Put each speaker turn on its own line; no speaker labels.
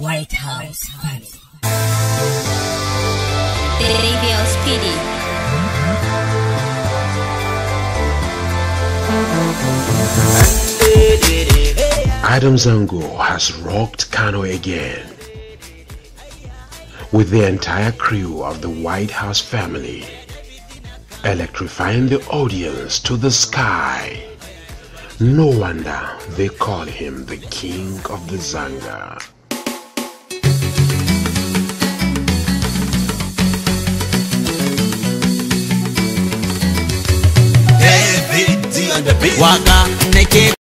White House Family. Baby Speedy.
Adam Zango has rocked Kano again with the entire crew of the White House family, electrifying the audience to the sky. No wonder they call him the King of the Zanga.
waka
nake